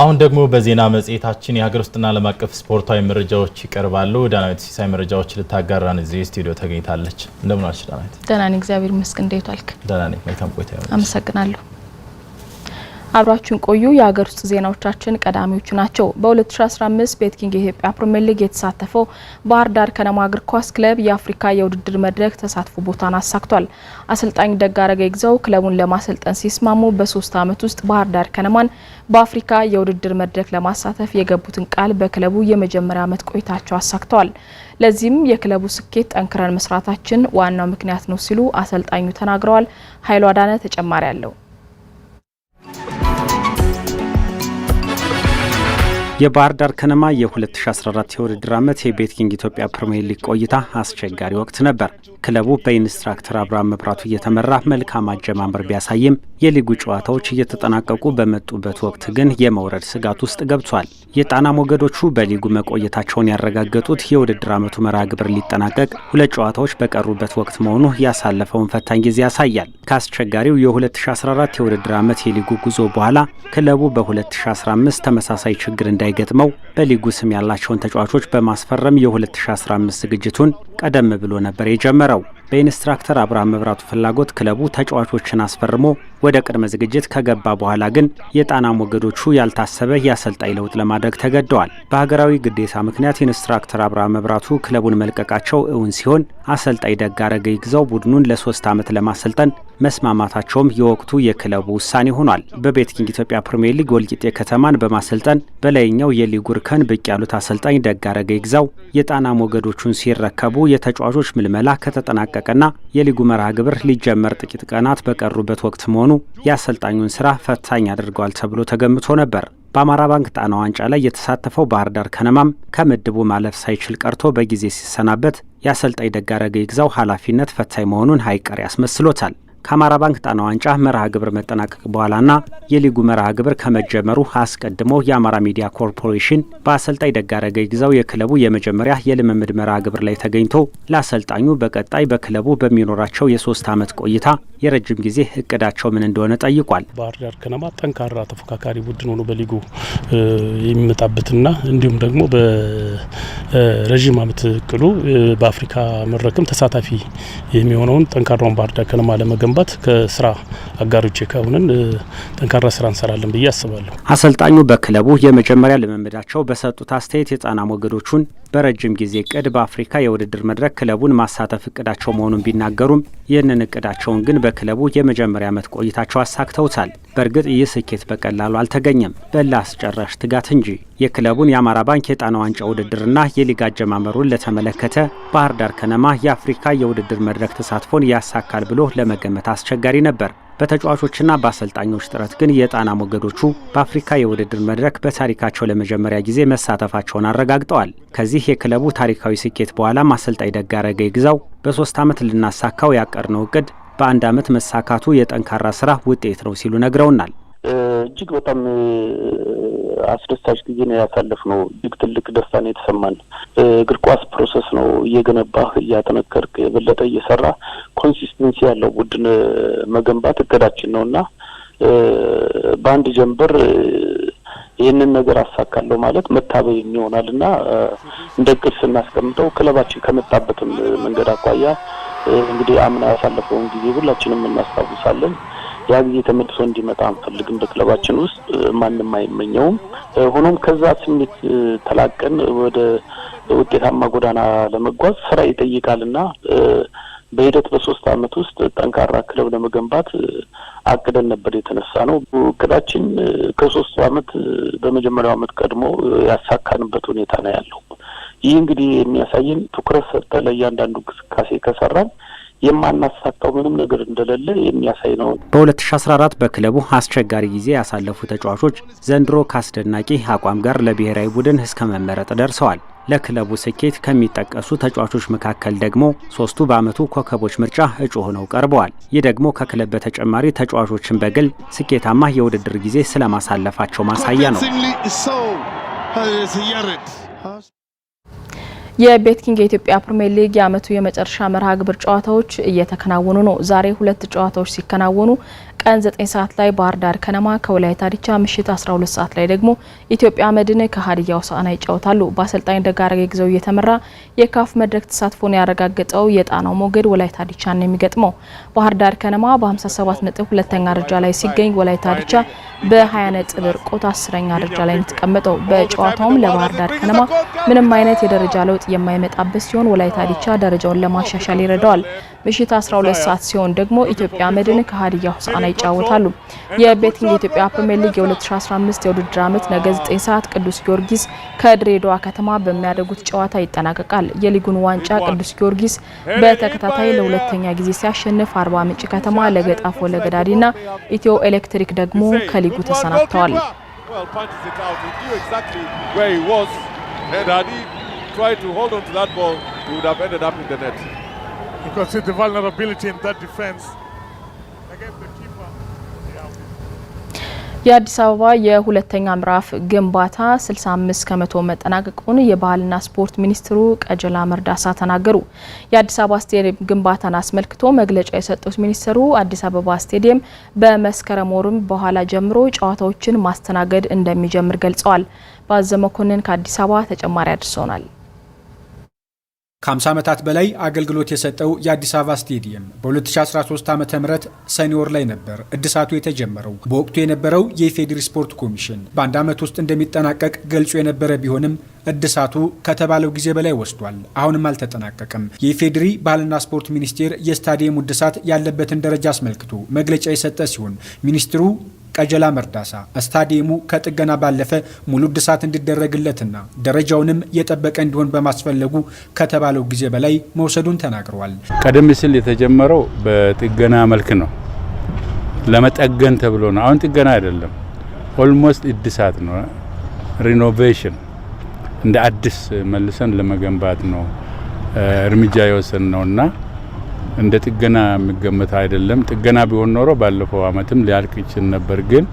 አሁን ደግሞ በዜና መጽሔታችን የሀገር ውስጥና ዓለም አቀፍ ስፖርታዊ መረጃዎች ይቀርባሉ። ዳናዊት ሲሳይ መረጃዎች ልታጋራን እዚህ ስቱዲዮ ተገኝታለች። እንደምን ዋልሽ ዳናዊት? ደህና ነኝ፣ እግዚአብሔር ይመስገን። እንዴት ዋልክ? ደህና ነኝ። መልካም ቆይታ። አመሰግናለሁ። አብራችን ቆዩ። የሀገር ውስጥ ዜናዎቻችን ቀዳሚዎቹ ናቸው። በ2015 ቤትኪንግ የኢትዮጵያ ፕሪምየር ሊግ የተሳተፈው ባህር ዳር ከነማ እግር ኳስ ክለብ የአፍሪካ የውድድር መድረክ ተሳትፎ ቦታን አሳክቷል። አሰልጣኝ ደጋረገ ይግዛው ክለቡን ለማሰልጠን ሲስማሙ በሶስት ዓመት ውስጥ ባህር ዳር ከነማን በአፍሪካ የውድድር መድረክ ለማሳተፍ የገቡትን ቃል በክለቡ የመጀመሪያ ዓመት ቆይታቸው አሳክተዋል። ለዚህም የክለቡ ስኬት ጠንክረን መስራታችን ዋናው ምክንያት ነው ሲሉ አሰልጣኙ ተናግረዋል። ኃይሉ አዳነ ተጨማሪ አለው። የባህር ዳር ከነማ የ2014 የውድድር ዓመት የቤትኪንግ ኢትዮጵያ ፕሪምየር ሊግ ቆይታ አስቸጋሪ ወቅት ነበር። ክለቡ በኢንስትራክተር አብርሃም መብራቱ እየተመራ መልካም አጀማመር ቢያሳይም የሊጉ ጨዋታዎች እየተጠናቀቁ በመጡበት ወቅት ግን የመውረድ ስጋት ውስጥ ገብቷል። የጣና ሞገዶቹ በሊጉ መቆየታቸውን ያረጋገጡት የውድድር ዓመቱ መርሃ ግብር ሊጠናቀቅ ሁለት ጨዋታዎች በቀሩበት ወቅት መሆኑ ያሳለፈውን ፈታኝ ጊዜ ያሳያል። ከአስቸጋሪው የ2014 የውድድር ዓመት የሊጉ ጉዞ በኋላ ክለቡ በ2015 ተመሳሳይ ችግር እንዳ እንዳይገጥመው በሊጉ ስም ያላቸውን ተጫዋቾች በማስፈረም የ2015 ዝግጅቱን ቀደም ብሎ ነበር የጀመረው። በኢንስትራክተር አብርሃም መብራቱ ፍላጎት ክለቡ ተጫዋቾችን አስፈርሞ ወደ ቅድመ ዝግጅት ከገባ በኋላ ግን የጣና ሞገዶቹ ያልታሰበ የአሰልጣኝ ለውጥ ለማድረግ ተገደዋል። በሀገራዊ ግዴታ ምክንያት ኢንስትራክተር አብርሃም መብራቱ ክለቡን መልቀቃቸው እውን ሲሆን አሰልጣኝ ደጋረገ ይግዛው ቡድኑን ለሶስት ዓመት ለማሰልጠን መስማማታቸውም የወቅቱ የክለቡ ውሳኔ ሆኗል። በቤትኪንግ ኢትዮጵያ ፕሪምየር ሊግ ወልቂጤ ከተማን በማሰልጠን በላይኛው የሊጉ እርከን ብቅ ያሉት አሰልጣኝ ደጋረገ ይግዛው የጣና ሞገዶቹን ሲረከቡ የተጫዋቾች ምልመላ ከተጠናቀ እንደተጠናቀቀና የሊጉ መርሃ ግብር ሊጀመር ጥቂት ቀናት በቀሩበት ወቅት መሆኑ የአሰልጣኙን ስራ ፈታኝ አድርገዋል ተብሎ ተገምቶ ነበር። በአማራ ባንክ ጣና ዋንጫ ላይ የተሳተፈው ባህር ዳር ከነማም ከምድቡ ማለፍ ሳይችል ቀርቶ በጊዜ ሲሰናበት የአሰልጣኝ ደጋረገ ይግዛው ኃላፊነት ፈታኝ መሆኑን ሀይቀር ያስመስሎታል። ከአማራ ባንክ ጣና ዋንጫ መርሃ ግብር መጠናቀቅ በኋላና የሊጉ መርሃ ግብር ከመጀመሩ አስቀድሞ የአማራ ሚዲያ ኮርፖሬሽን በአሰልጣኝ ደጋረገ ግዛው የክለቡ የመጀመሪያ የልምምድ መርሃ ግብር ላይ ተገኝቶ ለአሰልጣኙ በቀጣይ በክለቡ በሚኖራቸው የሶስት ዓመት ቆይታ የረጅም ጊዜ እቅዳቸው ምን እንደሆነ ጠይቋል። ባህር ዳር ከነማ ጠንካራ ተፎካካሪ ቡድን ሆኖ በሊጉ የሚመጣበትና እንዲሁም ደግሞ በረዥም ዓመት እቅዱ በአፍሪካ መድረክም ተሳታፊ የሚሆነውን ጠንካራውን ባህር ዳር ከነማ ለመገንባት ከስራ አጋሮች ከሆንን ጠንካራ ስራ እንሰራለን ብዬ አስባለሁ። አሰልጣኙ በክለቡ የመጀመሪያ ልምምዳቸው በሰጡት አስተያየት የጣና ሞገዶቹን በረጅም ጊዜ እቅድ በአፍሪካ የውድድር መድረክ ክለቡን ማሳተፍ እቅዳቸው መሆኑን ቢናገሩም ይህንን እቅዳቸውን ግን በክለቡ የመጀመሪያ ዓመት ቆይታቸው አሳክተውታል። በእርግጥ ይህ ስኬት በቀላሉ አልተገኘም፣ በላ አስጨራሽ ትጋት እንጂ። የክለቡን የአማራ ባንክ የጣና ዋንጫ ውድድርና የሊግ አጀማመሩን ለተመለከተ ባህር ዳር ከነማ የአፍሪካ የውድድር መድረክ ተሳትፎን ያሳካል ብሎ ለመገመት አስቸጋሪ ነበር። በተጫዋቾችና በአሰልጣኞች ጥረት ግን የጣና ሞገዶቹ በአፍሪካ የውድድር መድረክ በታሪካቸው ለመጀመሪያ ጊዜ መሳተፋቸውን አረጋግጠዋል። ከዚህ የክለቡ ታሪካዊ ስኬት በኋላም አሰልጣኝ ደጋረገ ይግዛው በሶስት ዓመት ልናሳካው ያቀድነው እቅድ በአንድ ዓመት መሳካቱ የጠንካራ ስራ ውጤት ነው ሲሉ ነግረውናል። እጅግ በጣም አስደሳች ጊዜ ነው ያሳለፍ ነው። እጅግ ትልቅ ደስታ ነው የተሰማን። እግር ኳስ ፕሮሰስ ነው። እየገነባህ እያጠነከርክ የበለጠ እየሰራ ኮንሲስተንሲ ያለው ቡድን መገንባት እቅዳችን ነው እና በአንድ ጀንበር ይህንን ነገር አሳካለሁ ማለት መታበይ ይሆናል እና እንደ እቅድ ስናስቀምጠው ክለባችን ከመጣበትም መንገድ አኳያ እንግዲህ አምና ያሳለፈውን ጊዜ ሁላችንም እናስታውሳለን። ያ ጊዜ ተመልሶ እንዲመጣ አንፈልግም። በክለባችን ውስጥ ማንም አይመኘውም። ሆኖም ከዛ ስሜት ተላቀን ወደ ውጤታማ ጎዳና ለመጓዝ ስራ ይጠይቃልና በሂደት በሶስት አመት ውስጥ ጠንካራ ክለብ ለመገንባት አቅደን ነበር የተነሳ ነው። እቅዳችን ከሶስቱ አመት በመጀመሪያው አመት ቀድሞ ያሳካንበት ሁኔታ ነው ያለው። ይህ እንግዲህ የሚያሳየን ትኩረት ሰጠ ለእያንዳንዱ እንቅስቃሴ ከሰራን የማናሳካው ምንም ነገር እንደሌለ የሚያሳይ ነው። በ2014 በክለቡ አስቸጋሪ ጊዜ ያሳለፉ ተጫዋቾች ዘንድሮ ከአስደናቂ አቋም ጋር ለብሔራዊ ቡድን እስከ መመረጥ ደርሰዋል። ለክለቡ ስኬት ከሚጠቀሱ ተጫዋቾች መካከል ደግሞ ሶስቱ በዓመቱ ኮከቦች ምርጫ እጩ ሆነው ቀርበዋል። ይህ ደግሞ ከክለብ በተጨማሪ ተጫዋቾችን በግል ስኬታማ የውድድር ጊዜ ስለማሳለፋቸው ማሳያ ነው። የቤትኪንግ የኢትዮጵያ ፕሪሚየር ሊግ የዓመቱ የመጨረሻ መርሃ ግብር ጨዋታዎች እየተከናወኑ ነው። ዛሬ ሁለት ጨዋታዎች ሲከናወኑ ቀን 9 ሰዓት ላይ ባህር ዳር ከነማ ከወላይታ ዲቻ፣ ምሽት 12 ሰዓት ላይ ደግሞ ኢትዮጵያ መድን ከሀዲያ ሆሳዕና ይጫወታሉ። በአሰልጣኝ ደጋረገ ጊዜው እየተመራ የካፍ መድረክ ተሳትፎን ያረጋገጠው የጣናው ሞገድ ወላይታ ዲቻን የሚገጥመው። ባህር ዳር ከነማ በ57 ነጥብ ሁለተኛ ደረጃ ላይ ሲገኝ ወላይታ ዲቻ በ20 ነጥብ ርቆት አስረኛ ደረጃ ላይ የተቀመጠው። በጨዋታውም ለባህር ዳር ከነማ ምንም አይነት የደረጃ ለውጥ የማይመጣበት ሲሆን ወላይታ ዲቻ ደረጃውን ለማሻሻል ይረዳዋል። ምሽት 12 ሰዓት ሲሆን ደግሞ ኢትዮጵያ መድን ከሀዲያ ሆሳዕና ይጫወታሉ። የቤቲንግ ኢትዮጵያ ፕሪሚየር ሊግ የ2015 የውድድር ዓመት ነገ 9 ሰዓት ቅዱስ ጊዮርጊስ ከድሬዳዋ ከተማ በሚያደርጉት ጨዋታ ይጠናቀቃል። የሊጉን ዋንጫ ቅዱስ ጊዮርጊስ በተከታታይ ለሁለተኛ ጊዜ ሲያሸንፍ አርባ ምንጭ ከተማ ለገጣፎ ለገዳዲና ኢትዮ ኤሌክትሪክ ደግሞ ከ aligusa sana pale. Well, punches it out. He knew exactly where he was, and had he tried to hold on to that ball, he would have ended up in the net. You can see the vulnerability in that defense የአዲስ አበባ የሁለተኛ ምዕራፍ ግንባታ 65 ከመቶ መጠናቀቁን የባህልና ስፖርት ሚኒስትሩ ቀጀላ መርዳሳ ተናገሩ። የአዲስ አበባ ስቴዲየም ግንባታን አስመልክቶ መግለጫ የሰጡት ሚኒስትሩ አዲስ አበባ ስቴዲየም በመስከረም ወርም በኋላ ጀምሮ ጨዋታዎችን ማስተናገድ እንደሚጀምር ገልጸዋል። በአዘ መኮንን ከአዲስ አበባ ተጨማሪ አድርሶናል። ከ50 ዓመታት በላይ አገልግሎት የሰጠው የአዲስ አበባ ስቴዲየም በ2013 ዓ ም ሰኔ ወር ላይ ነበር እድሳቱ የተጀመረው። በወቅቱ የነበረው የኢፌዴሪ ስፖርት ኮሚሽን በአንድ ዓመት ውስጥ እንደሚጠናቀቅ ገልጾ የነበረ ቢሆንም እድሳቱ ከተባለው ጊዜ በላይ ወስዷል። አሁንም አልተጠናቀቀም። የኢፌዴሪ ባህልና ስፖርት ሚኒስቴር የስታዲየሙ እድሳት ያለበትን ደረጃ አስመልክቶ መግለጫ የሰጠ ሲሆን ሚኒስትሩ ቀጀላ መርዳሳ ስታዲየሙ ከጥገና ባለፈ ሙሉ እድሳት እንዲደረግለትና ደረጃውንም የጠበቀ እንዲሆን በማስፈለጉ ከተባለው ጊዜ በላይ መውሰዱን ተናግረዋል። ቀደም ሲል የተጀመረው በጥገና መልክ ነው፣ ለመጠገን ተብሎ ነው። አሁን ጥገና አይደለም፣ ኦልሞስት እድሳት ነው፣ ሪኖቬሽን እንደ አዲስ መልሰን ለመገንባት ነው እርምጃ የወሰን ነውና እንደ ጥገና የሚገመት አይደለም። ጥገና ቢሆን ኖሮ ባለፈው አመትም ሊያልቅ ይችል ነበር። ግን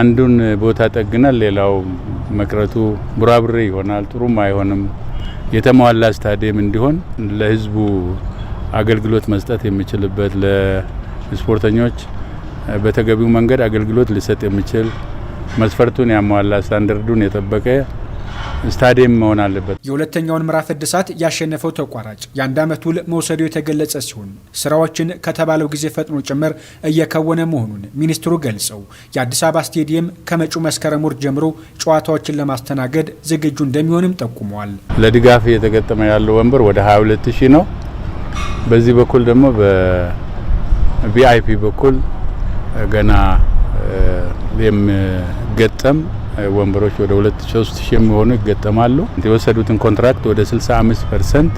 አንዱን ቦታ ጠግናል፣ ሌላው መቅረቱ ቡራቡሬ ይሆናል፣ ጥሩም አይሆንም። የተሟላ ስታዲየም እንዲሆን ለህዝቡ አገልግሎት መስጠት የሚችልበት ለስፖርተኞች በተገቢው መንገድ አገልግሎት ሊሰጥ የሚችል መስፈርቱን ያሟላ ስታንደርዱን የጠበቀ ስታዲየም መሆን አለበት። የሁለተኛውን ምዕራፍ እድሳት ያሸነፈው ተቋራጭ የአንድ ዓመት ውል መውሰዱ የተገለጸ ሲሆን ስራዎችን ከተባለው ጊዜ ፈጥኖ ጭምር እየከወነ መሆኑን ሚኒስትሩ ገልጸው የአዲስ አበባ ስቴዲየም ከመጪው መስከረም ወር ጀምሮ ጨዋታዎችን ለማስተናገድ ዝግጁ እንደሚሆንም ጠቁመዋል። ለድጋፍ እየተገጠመ ያለው ወንበር ወደ 22 ሺህ ነው። በዚህ በኩል ደግሞ በቪአይፒ በኩል ገና የሚገጠም ወንበሮች ወደ 2300 የሚሆኑ ይገጠማሉ። የወሰዱትን ኮንትራክት ወደ 65 ፐርሰንት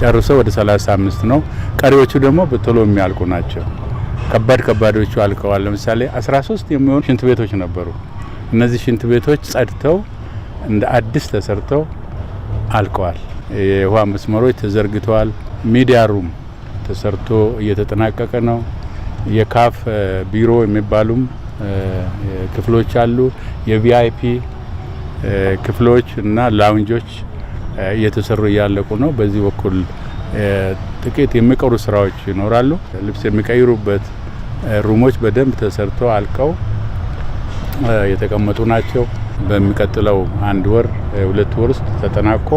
ጨርሰው ወደ 35 ነው። ቀሪዎቹ ደግሞ በቶሎ የሚያልቁ ናቸው። ከባድ ከባዶቹ አልቀዋል። ለምሳሌ 13 የሚሆኑ ሽንት ቤቶች ነበሩ። እነዚህ ሽንት ቤቶች ጸድተው እንደ አዲስ ተሰርተው አልቀዋል። የውሃ መስመሮች ተዘርግተዋል። ሚዲያ ሩም ተሰርቶ እየተጠናቀቀ ነው። የካፍ ቢሮ የሚባሉም ክፍሎች አሉ። የቪአይፒ ክፍሎች እና ላውንጆች እየተሰሩ እያለቁ ነው። በዚህ በኩል ጥቂት የሚቀሩ ስራዎች ይኖራሉ። ልብስ የሚቀይሩበት ሩሞች በደንብ ተሰርተው አልቀው የተቀመጡ ናቸው። በሚቀጥለው አንድ ወር ሁለት ወር ውስጥ ተጠናቆ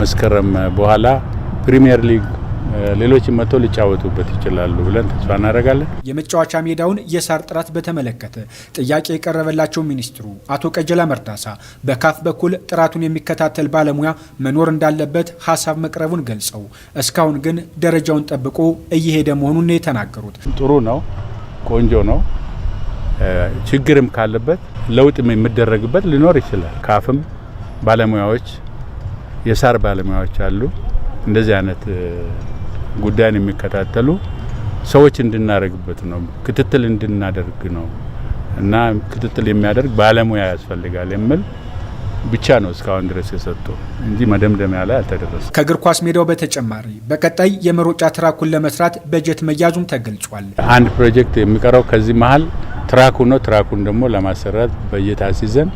መስከረም በኋላ ፕሪሚየር ሊግ ሌሎችም መጥተው ሊጫወቱበት ይችላሉ ብለን ተስፋ እናደርጋለን። የመጫወቻ ሜዳውን የሳር ጥራት በተመለከተ ጥያቄ የቀረበላቸው ሚኒስትሩ አቶ ቀጀላ መርዳሳ በካፍ በኩል ጥራቱን የሚከታተል ባለሙያ መኖር እንዳለበት ሀሳብ መቅረቡን ገልጸው እስካሁን ግን ደረጃውን ጠብቆ እየሄደ መሆኑን ነው የተናገሩት። ጥሩ ነው፣ ቆንጆ ነው። ችግርም ካለበት ለውጥም የሚደረግበት ሊኖር ይችላል። ካፍም ባለሙያዎች የሳር ባለሙያዎች አሉ እንደዚህ አይነት ጉዳይን የሚከታተሉ ሰዎች እንድናደርግበት ነው፣ ክትትል እንድናደርግ ነው እና ክትትል የሚያደርግ ባለሙያ ያስፈልጋል የሚል ብቻ ነው እስካሁን ድረስ የሰጡ እንጂ መደምደሚያ ላይ አልተደረሰ ከእግር ኳስ ሜዳው በተጨማሪ በቀጣይ የመሮጫ ትራኩን ለመስራት በጀት መያዙም ተገልጿል። አንድ ፕሮጀክት የሚቀረው ከዚህ መሀል ትራኩ ነው። ትራኩን ደግሞ ለማሰራት በጀት አስይዘን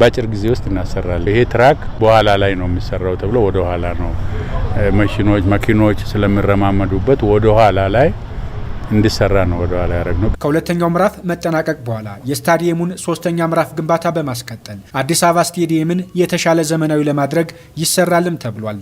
በአጭር ጊዜ ውስጥ እናሰራለን። ይሄ ትራክ በኋላ ላይ ነው የሚሰራው ተብሎ ወደ ኋላ ነው መኪኖች መኪኖች ስለሚረማመዱበት ወደ ኋላ ላይ እንዲሰራ ነው ወደ ኋላ ያደረግ ነው። ከሁለተኛው ምዕራፍ መጠናቀቅ በኋላ የስታዲየሙን ሶስተኛ ምዕራፍ ግንባታ በማስቀጠል አዲስ አበባ ስቴዲየምን የተሻለ ዘመናዊ ለማድረግ ይሰራልም ተብሏል።